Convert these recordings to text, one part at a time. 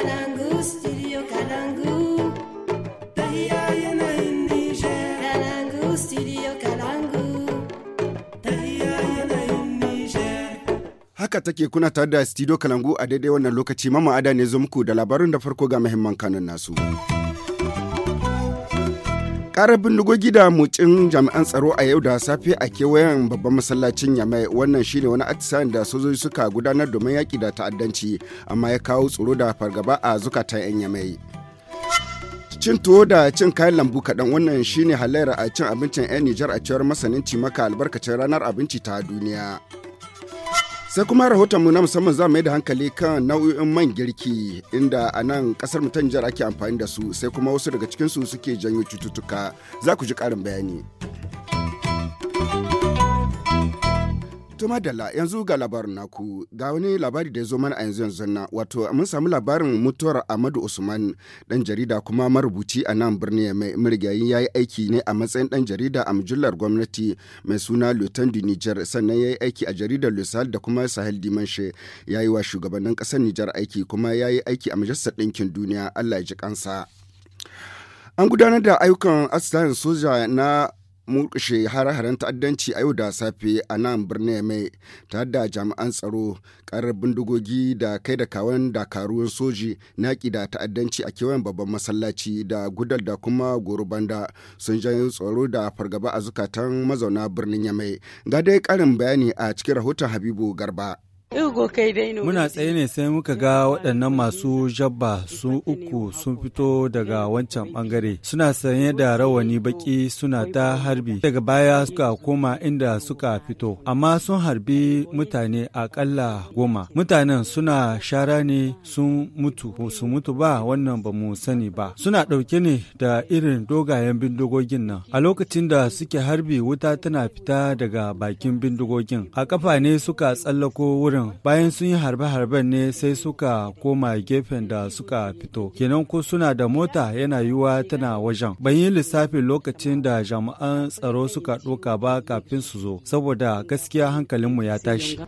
kalangu studio kalangu tahiya yanayin niger kalangu studio kalangu tahiya yanayin niger haka take kuna tare da studio kalangu a daidai wannan lokaci mama ada ne zo muku da labarin da farko ga mahimman kanun nasu Ƙarar bindigogi da mucin jami'an tsaro a yau da safe a kewayen babban masallacin Yamai wannan shine wani atisayen da sojoji suka gudanar domin yaƙi da ta'addanci amma ya kawo tsoro da fargaba a zukatan 'yan Yamai. Cin tuwo da cin kayan lambu kaɗan wannan shine halayyar a cin abincin 'yan Nijar a cewar masanin cimaka albarkacin ranar abinci ta duniya. sai kuma rahotonmu na musamman za mu yi da hankali kan nau'o'in man girki inda a nan kasar mu ta nijar ake amfani da su sai kuma wasu daga cikinsu suke janyo cututtuka za ku ji karin bayani. Tuma Dalla yanzu ga labarin naku ga wani labari da ya zo mana a yanzu yanzu na wato mun samu labarin mutuwar Ahmadu Usman dan jarida kuma marubuci a nan birni mai murgayin yayi aiki ne a matsayin dan jarida a mujallar gwamnati mai suna Lutan Nijar Niger sannan yayi aiki a jaridar Lusal da kuma Sahel Dimanshe yayi wa shugabannin kasar Niger aiki kuma yayi aiki a majalisar ɗinkin duniya Allah ya ji kansa. An gudanar da ayyukan asalin soja na murkushe har haren ta'addanci a yau da safe a nan birnin mai ta da jami'an tsaro karar bindigogi da kai da kawan dakaruwan soji naƙi da ta'addanci a kewayen babban masallaci da gudal da kuma gurubanda sun janyo tsaro da fargaba a zukatan mazauna birnin yamai ga dai karin bayani a cikin rahoton habibu garba Muna tsaye ne sai muka ga waɗannan masu jabba su uku sun fito daga wancan bangare Suna sanye da rawani baki suna ta harbi. Daga baya suka koma inda suka fito. Amma sun harbi mutane akalla goma. Mutanen suna shara ne sun mutu. Ba su mutu ba wannan ba mu sani ba. Suna ɗauke ne da irin dogayen bindigogin nan. A lokacin da suke harbi wuta tana fita daga bakin bindigogin. A ƙafa ne suka tsallako wurin wurin bayan sun yi harbe-harben ne sai suka koma gefen da suka fito kenan ko suna da mota yana yiwuwa tana wajen ban yi lissafin lokacin da jami'an tsaro suka ɗoka ba kafin su zo saboda gaskiya hankalinmu ya tashi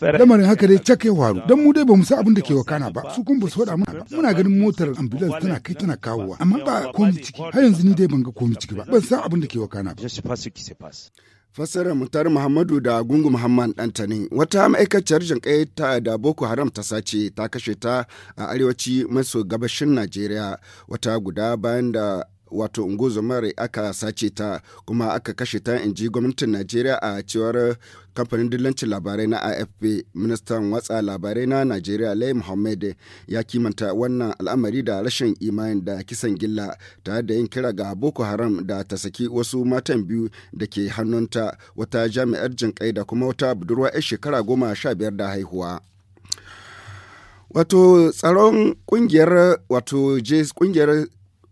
lamarin haka dai cak ya faru don mu dai ba mu san abin da ke wakana ba su kuma ba su faɗa mana ba muna ganin motar ambulance tana kai tana kawowa amma ba komi ciki har yanzu ni dai ban ga komi ciki ba ban san abin da ke wakana ba Fassarar Mutar Muhammadu da Gungu Muhammad Dantani wata ma'aikaciyar jinkai ta da Boko Haram ta sace ta kashe ta a arewaci maso gabashin Najeriya wata guda bayan da wato mare aka sace ta kuma aka kashe ta ji gwamnatin najeriya a cewar kamfanin dillancin labarai na afp ministan watsa labarai na najeriya lai muhammad ya kimanta wannan al'amari da rashin imanin da kisan gilla tare da yin kira ga boko haram da ta saki wasu matan biyu da ke hannunta wata jami'ar jinkai da kuma wata budurwa 'yar shekara goma sha biyar da haihuwa wato tsaron kungiyar wato kungiyar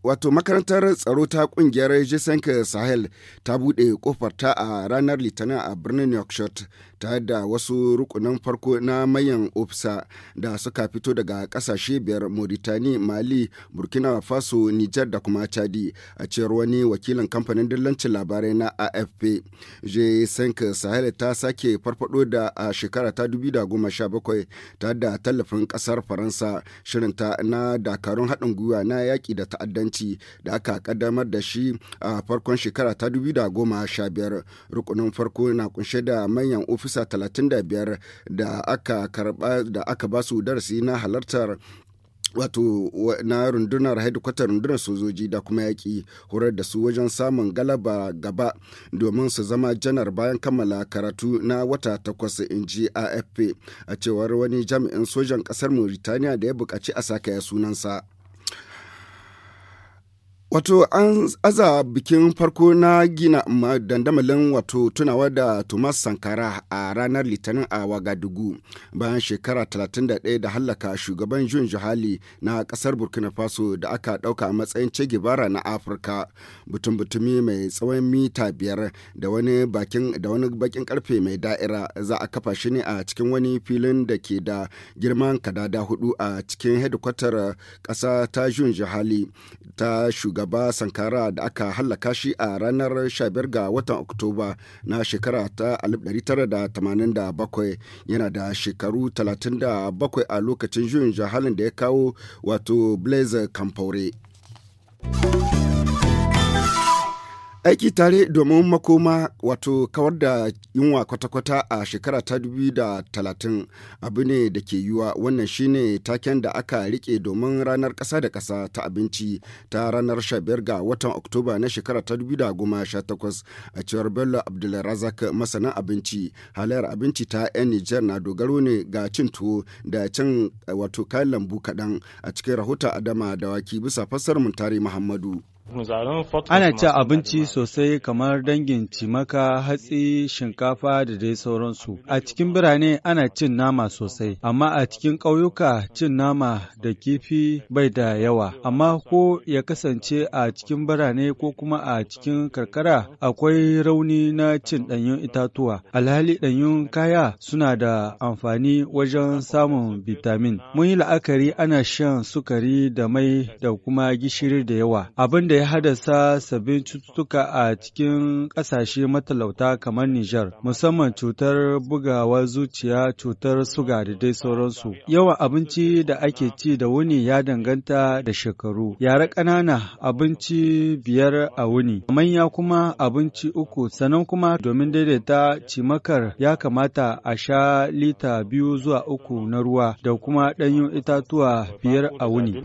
wato makarantar tsaro ta kungiyar jisanka sahel ta buɗe kofar ta a ranar litinin a birnin yorkshire ta da wasu rukunin farko na mayan ofisa da suka fito daga kasashe biyar Mauritani, Mali, Burkina Faso, Nijar da kuma Chadi a cewar wani wakilin kamfanin dillancin labarai na AFP. j Sahel ta sake farfado da a shekara ta 2017 ta da tallafin kasar Faransa shirinta na dakarun haɗin gwiwa na yaƙi da ta'addanci da aka kaddamar da shi a farkon shekara ta biyar rukunin farko na kunshe da manyan ofis ofisa 35 da aka karba da aka basu darasi na halartar wato na rundunar haidukwatar rundunar sojoji da kuma yaƙi horar da su wajen samun galaba gaba domin su zama janar bayan kammala karatu na wata takwas ji afp a cewar wani jami'in sojan ƙasar mauritaniya da ya buƙaci a saka sunansa. Wato an aza bikin farko na gina dandamalin wato tunawa da Thomas Sankara a ranar Litinin a Wagadugu bayan shekara 31 da hallaka shugaban Jun Juhali na kasar Burkina Faso da aka ɗauka a matsayin ce gibara na Afirka butun-butumi mai tsawon mita biyar da wani bakin da wani bakin karfe mai da'ira za a kafa shi ne a cikin wani filin da ke da girman kadada hudu a cikin ƙasa ta ta shugaban shugaba sankara da aka hallaka shi a ranar 15 ga watan oktoba na shekara ta 1987 yana da shekaru 37 a lokacin juyin jahalin da ya kawo wato blaise kamfaure. aiki tare domin makoma wato kawar da yunwa kwata-kwata a shekara ta talatin abu ne da ke yiwa wannan shine taken da aka rike domin ranar kasa da kasa ta abinci ta ranar 15 ga watan oktoba na shekara ta takwas a cewar bello abdulrazak masanan abinci halayyar abinci ta 'yan nijar na dogaro ne ga cin tuwo da cin wato kayan lambu kaɗan a cikin rahoton adama da waki bisa fassar muntari muhammadu Ana ci abinci sosai kamar dangin cimaka, hatsi, shinkafa da dai sauransu. A cikin birane ana cin nama sosai, amma a cikin ƙauyuka cin nama da kifi bai da yawa. Amma ko ya kasance a cikin birane ko kuma a cikin karkara akwai rauni na cin ɗanyun itatuwa. Alhali ɗanyun kaya suna da amfani wajen samun bitamin. Mun yi la'akari ana shan sukari da mai da kuma gishiri da yawa. Abin da ya haddasa sabbin cututtuka a cikin ƙasashe matalauta kamar Nijar, musamman cutar bugawa zuciya, cutar suga da dai sauransu. Yawan abinci da ake ci da wuni ya danganta da shekaru. Yara ƙanana abinci biyar a wuni, manya kuma abinci uku, sannan kuma domin daidaita cimakar ya kamata a sha lita biyu zuwa uku na ruwa da kuma ɗanyun itatuwa biyar a wuni.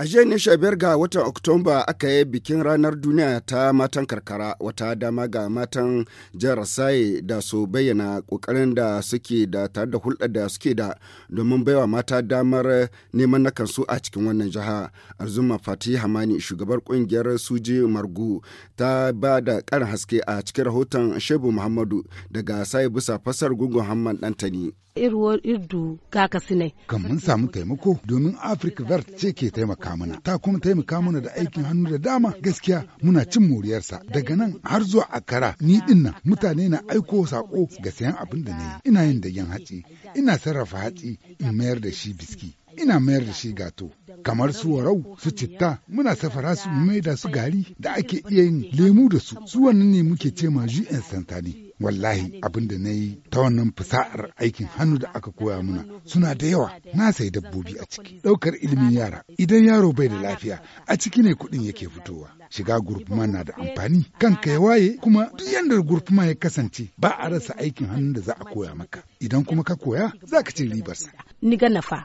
A jiya ne biyar ga watan oktoba aka yi bikin ranar duniya ta matan karkara wata dama ga matan jihar Saye da su bayyana ƙoƙarin da suke da tare da hulɗa da suke da domin baiwa mata damar neman na kansu a cikin wannan jiha. Arzuma Fati Hamani shugabar kungiyar Suji Margu ta ba da ƙarin haske a cikin rahoton Shebu Muhammadu daga Saye bisa fasar gungun Hamman Ɗantani. irwo irdu kaka sinai kan mun samu taimako domin Africa Vert ce ke taimaka mana ta kuma taimaka mana da aikin hannu da dama gaskiya muna cin moriyarsa daga nan har zuwa Akara ni dinnan mutane na aiko sako ga sayan abin da na yi ina yin dagen hatsi ina sarrafa hatsi in mayar da shi biski ina mayar da shi gato kamar su warau su citta muna safara su mai da su gari da ake iya yin lemu da su su wannan ne muke ce ma jus santani wallahi abin da na yi ta wannan fasa'ar aikin hannu da aka koya muna suna da yawa na sai dabbobi a ciki ɗaukar ilimin yara idan yaro bai da lafiya a ciki ne kuɗin yake fitowa shiga gurfuma na da amfani kanka ya waye kuma duk yadda gurfuma ya kasance ba a rasa aikin hannun da za a koya maka idan kuma ka koya za ka ci ribarsa. Ni ga nafa.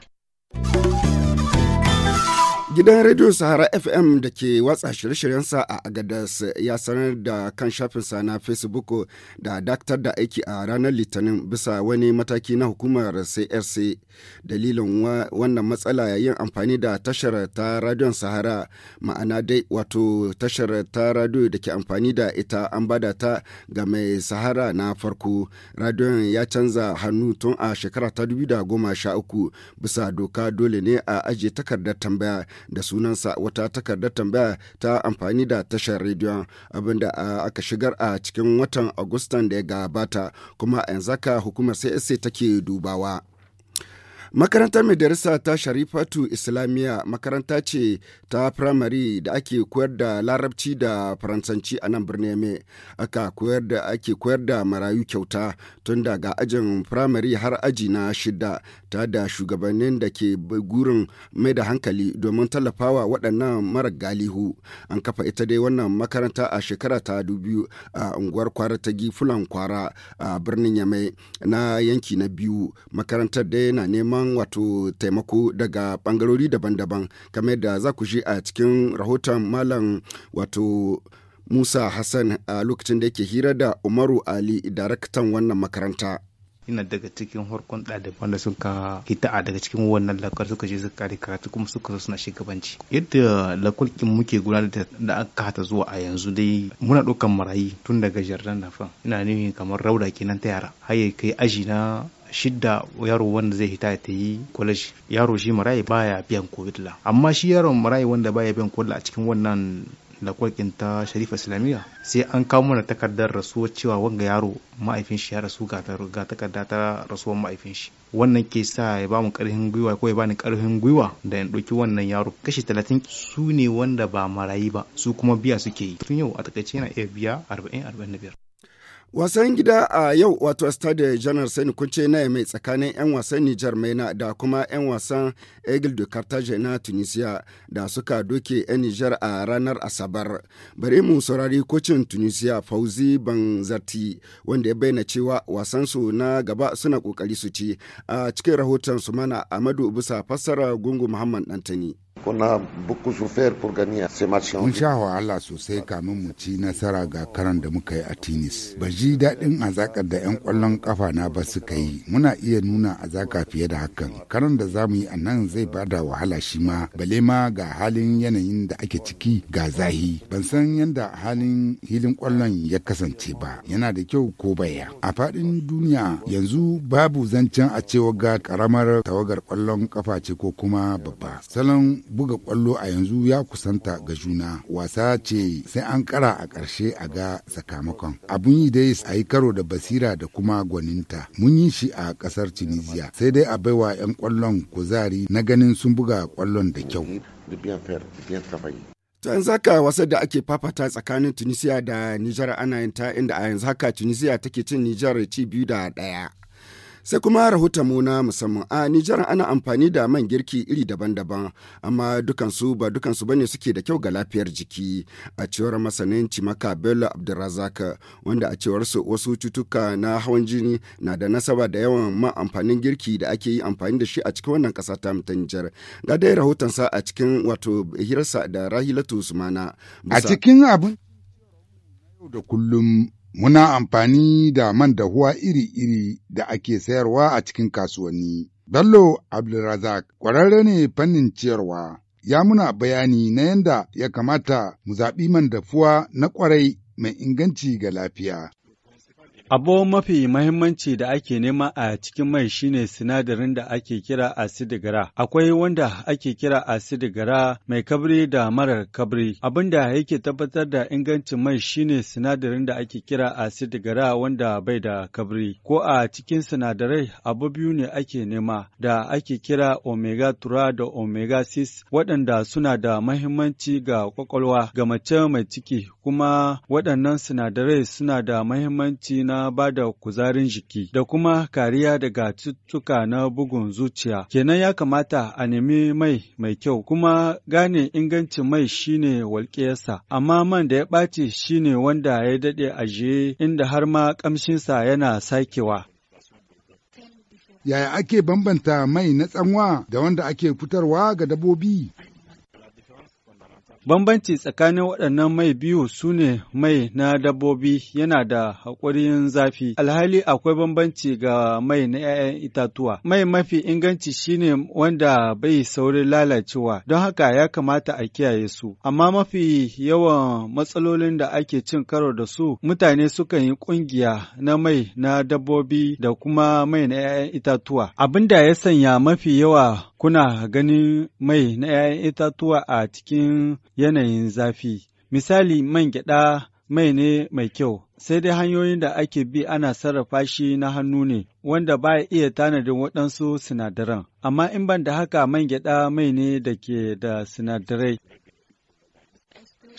you Gidan Radio Sahara FM da ke watsa shirye-shiryensa a Agadas ya sanar da kan shafinsa na Facebook da daktar da aiki a ranar Litinin bisa wani mataki na hukumar CRC. Dalilin wannan matsala yayin amfani da tashar ta radion Sahara ma'ana dai wato tashar ta radio da ke amfani da ita an bada ta ga mai Sahara na farko. Radion ya canza hannu tun a shekara ta 2013 bisa doka dole ne a ajiye takardar tambaya da sunansa wata takardar tambaya ta amfani da tashar rediyon abinda aka shigar a cikin watan agustan da ya gabata kuma yanzu haka hukumar CSA take dubawa. Makarantar Madarisa ta Sharifatu Islamiyya makaranta ce ta firamare da ake koyar da larabci da faransanci a nan birnin Yame. Aka koyar da ake koyar da marayu kyauta tun daga ajin firamare har aji na shida ta da shugabannin da ke gurin mai da hankali domin tallafawa waɗannan mara galihu. An kafa ita dai wannan makaranta a shekara ta dubu a unguwar kwara ta Gifulan kwara a birnin Yame na yanki na biyu. Makarantar dai na neman neman wato taimako daga bangarori daban-daban kamar yadda za ku ji a cikin rahoton malam wato Musa Hassan a lokacin da yake hira da Umaru Ali daraktan wannan makaranta. ina daga cikin harkon ɗaliban da suka a daga cikin wannan lakar suka je suka kare karatu kuma suka zo suna shugabanci yadda lakulkin muke gudanar da aka hata zuwa a yanzu dai muna ɗaukan marayi tun daga jardin fa ina nufin kamar rauda kenan ta yara har ya kai aji na shidda yaro wanda zai hita ta yi kwaleji. yaro shi marayi baya biyan covid amma shi yaro marayi wanda baya biyan covid a cikin wannan da kwalkin ta sharifa islamiyya sai an kawo mana takardar rasuwa cewa wanga yaro ma'aifin shi ya rasu ga takarda ta rasuwar ma'aifin shi wannan ke sa ya bamu karfin gwiwa ko ya bani karfin gwiwa da in ɗauki wannan yaro kashi talatin su ne wanda ba marayi ba su kuma biya suke yi tun yau a takaice yana iya biya arba'in arba'in da biyar Wasan gida a yau wato Stade Janar Sani kunce na mai tsakanin 'yan wasan Nijar Maina da kuma 'yan wasan Egil de cartage na Tunisia da suka doke 'yan Nijar a ranar Asabar. Bari mu saurari kocin Tunisia Fauzi Banzati wanda ya bayyana cewa wasansu na gaba suna kokari su ci a cikin rahoton su mana Amadu bisa fassara Gungu Muhammad Dantani. a beaucoup souffert pour gagner ce match. Mun sha wahala sosai kamin mu ci nasara ga karan da muka yi a Tunis. Ba ji daɗin azakar da 'yan ƙwallon ƙafa na ba suka yi. Muna iya nuna azaka fiye da hakan. Karan da za mu yi a nan zai bada wahala shi ma. Bale ma ga halin yanayin da ake ciki ga zahi. Ban san yadda halin hilin ƙwallon ya kasance ba. Yana da kyau ko baya. A faɗin duniya yanzu babu zancen a cewa ga ƙaramar tawagar ƙwallon ƙafa ce ko kuma babba. Salon buga kwallo a yanzu ya kusanta ga juna wasa ce sai an kara a ƙarshe a ga sakamakon abun yi dai a yi karo da basira da kuma gwaninta mun yi shi a ƙasar tunisia sai dai a baiwa 'yan kwallon kuzari na ganin sun buga kwallon da kyau To yanzu wasa da ake fafata tsakanin Tunisia da Nijar ana yin ta inda a yanzu haka Tunisia take cin Nijar ci biyu da ɗaya. Sai kuma rahoton mu na musamman a Nijar ana amfani da man girki iri daban-daban amma dukansu ba dukansu ba ne suke da kyau ga lafiyar jiki a cewar masanin Cimaka Bello abdulrazaka wanda a cewar su wasu cutuka na hawan jini na da nasaba da yawan man amfanin girki da ake yi amfani da shi a cikin wannan kasa ta Nijar. Ga dai rahoton a cikin wato hirarsa da Rahilatu Usmana. A cikin abin da kullum Muna amfani da man dahuwa iri-iri da ake sayarwa a cikin kasuwanni. Bello Abdulrazak ƙwararre ne fannin ciyarwa, ya muna bayani na yadda ya kamata mu zaɓi man dafuwa na ƙwarai mai inganci ga lafiya. Abu mafi mahimmanci da ake nema a cikin mai shine sinadarin da ake kira asidigara. Akwai wanda ake kira asidigara mai kabri da marar kabri. Abin da yake tabbatar da ingancin mai shine sinadarin da ake kira asidigara wanda bai da kabri. Ko a cikin sinadarai abu biyu ne ake nema da ake kira omega tura da omega 6 waɗanda suna da mahimmanci ga kwakwalwa ga mace mai ciki kuma waɗannan sinadarai suna da mahimmanci na na da kuzarin jiki da kuma kariya daga cututtuka na bugun zuciya. Kenan ya kamata a nemi mai mai kyau kuma gane ingancin mai shine walƙiyarsa, amma man da ya ɓaci shine wanda ya daɗe ajiye inda har ma ƙamshinsa yana sakewa. Yaya ake bambanta mai na tsanwa da wanda ake fitarwa ga dabobi? Bambanci tsakanin waɗannan mai biyu su ne mai na dabbobi yana da haƙurin zafi, alhali akwai bambanci ga mai na ‘ya'yan itatuwa. Mai mafi inganci shine wanda bai saurin lalacewa, don haka ya kamata a kiyaye su. Amma mafi yawan matsalolin da ake cin karo da su, mutane sukan yi ƙungiya na mai na dabbobi da kuma mai na ‘ya'yan itatuwa. Abin da ya sanya mafi yawa kuna ganin mai na 'ya'yan itatuwa a cikin yanayin zafi. Misali man gyaɗa mai ne mai kyau, sai dai hanyoyin da ake bi ana sarrafa shi na hannu ne, wanda ba iya tanadin waɗansu sinadaran. Amma in ban da haka man gyaɗa mai ne da ke da sinadarai.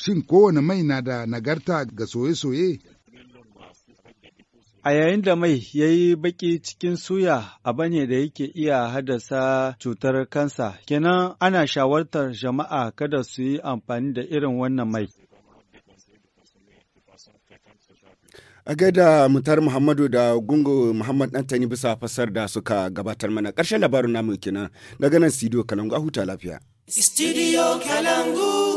Shin kowane mai na da nagarta ga soye-soye? A yayin da mai ya yi baki cikin suya a bane da yake iya haddasa cutar kansa, kenan ana shawartar jama'a kada su yi amfani da irin wannan mai. a gaida mutar muhammadu da gungu muhammad dantani bisa fasar da suka gabatar mana ƙarshen labarin namu kenan daga nan studio kalangu a huta lafiya studio kalangu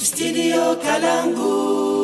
Studio Kalangu.